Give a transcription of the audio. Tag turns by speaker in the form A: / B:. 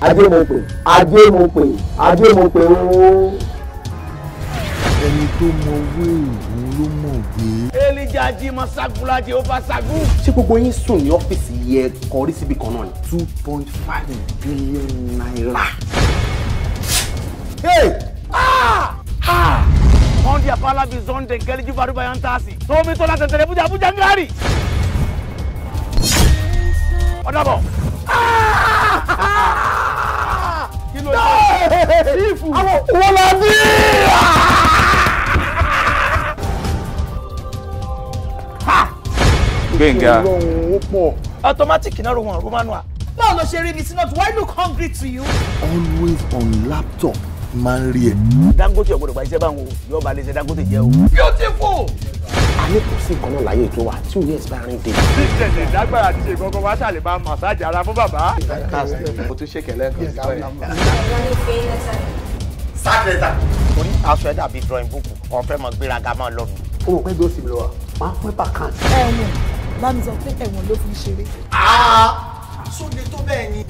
A: adémọ̀pẹ̀ adémọ̀pẹ̀ adémọ̀pẹ̀ ooo. ẹni tó mọ owó ìwọ̀n ló mọ̀ gbé. elija jimọ sagula jehova sagu. ṣé gbogbo yín sùn ní ọ́fíìsì yẹ kọrí síbi kan náà ni. two point five billion naira. Hey! Ah! Ah! Ondi apala bi zonde geli ju baru bayan tasi. So mi tola tentere buja buja ngari. Ó dàbọ̀. wọ́n la bí. gbẹ̀ngà. automatic náà rohun ọ̀rọ̀ manual. báwo ló ṣe rí mi sinot why look hungry to you. always on laptop máa ń rí ẹ. dangote ọ̀gbọ́dọ̀ gba iṣẹ́ báwọn yóò ba léṣe dangote jẹ́ o. beautiful. ayé kò sí nǹkan náà láyé tó wà tí òye expiring date. business ìdágbára ti ṣe gbọ́ngàn wá ṣàlè máa massage ara fún bàbá. mo tún ṣe kẹlẹ́ kan lẹ́tà. mo ní aṣọ ẹ dàbí drawing book ọ̀fẹ́ mọ̀ gbéraga máa lọ mi. o mọ̀ pé gbé òsì wa máa fún ẹ̀pà kan. ẹ̀wọ̀n bá mi sọ pé ẹ̀wọ̀n ló fi ṣeré. àá ah! sóde tó bẹ́ẹ̀ ni.